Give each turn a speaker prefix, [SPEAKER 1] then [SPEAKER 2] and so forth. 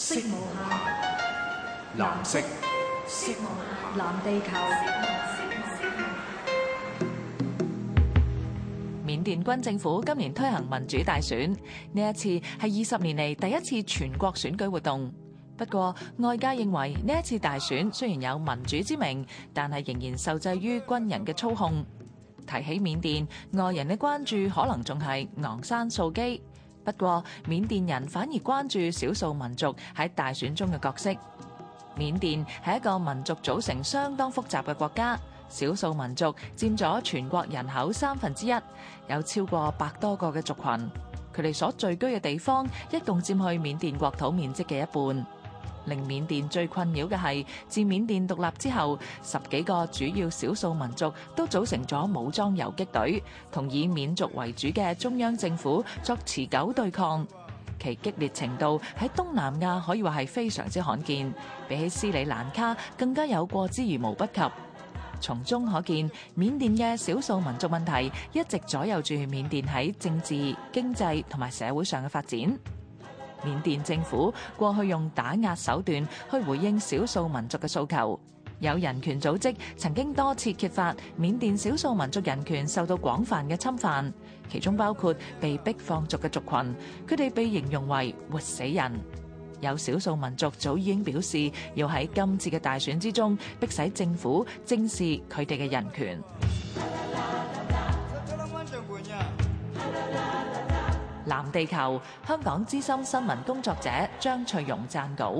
[SPEAKER 1] 色下藍色，色下藍色，色下，藍地球。緬甸軍政府今年推行民主大選，呢一次係二十年嚟第一次全國選舉活動。不過，外界認為呢一次大選雖然有民主之名，但係仍然受制於軍人嘅操控。提起緬甸，外人嘅關注可能仲係昂山素姬。不過，緬甸人反而關注少數民族喺大選中嘅角色。緬甸係一個民族組成相當複雜嘅國家，少數民族佔咗全國人口三分之一，有超過百多個嘅族群，佢哋所聚居嘅地方，一共佔去緬甸國土面積嘅一半。令緬甸最困擾嘅係，自緬甸獨立之後，十幾個主要少數民族都組成咗武裝游擊隊，同以緬族為主嘅中央政府作持久對抗，其激烈程度喺東南亞可以話係非常之罕見，比起斯里蘭卡更加有過之而無不及。從中可見，緬甸嘅少數民族問題一直左右住緬甸喺政治、經濟同埋社會上嘅發展。緬甸政府過去用打壓手段去回應少數民族嘅訴求，有人權組織曾經多次揭發緬甸少數民族人權受到廣泛嘅侵犯，其中包括被逼放逐嘅族羣，佢哋被形容為活死人。有少數民族早已經表示要喺今次嘅大選之中，迫使政府正視佢哋嘅人權。藍地球，香港資深新聞工作者張翠容撰稿。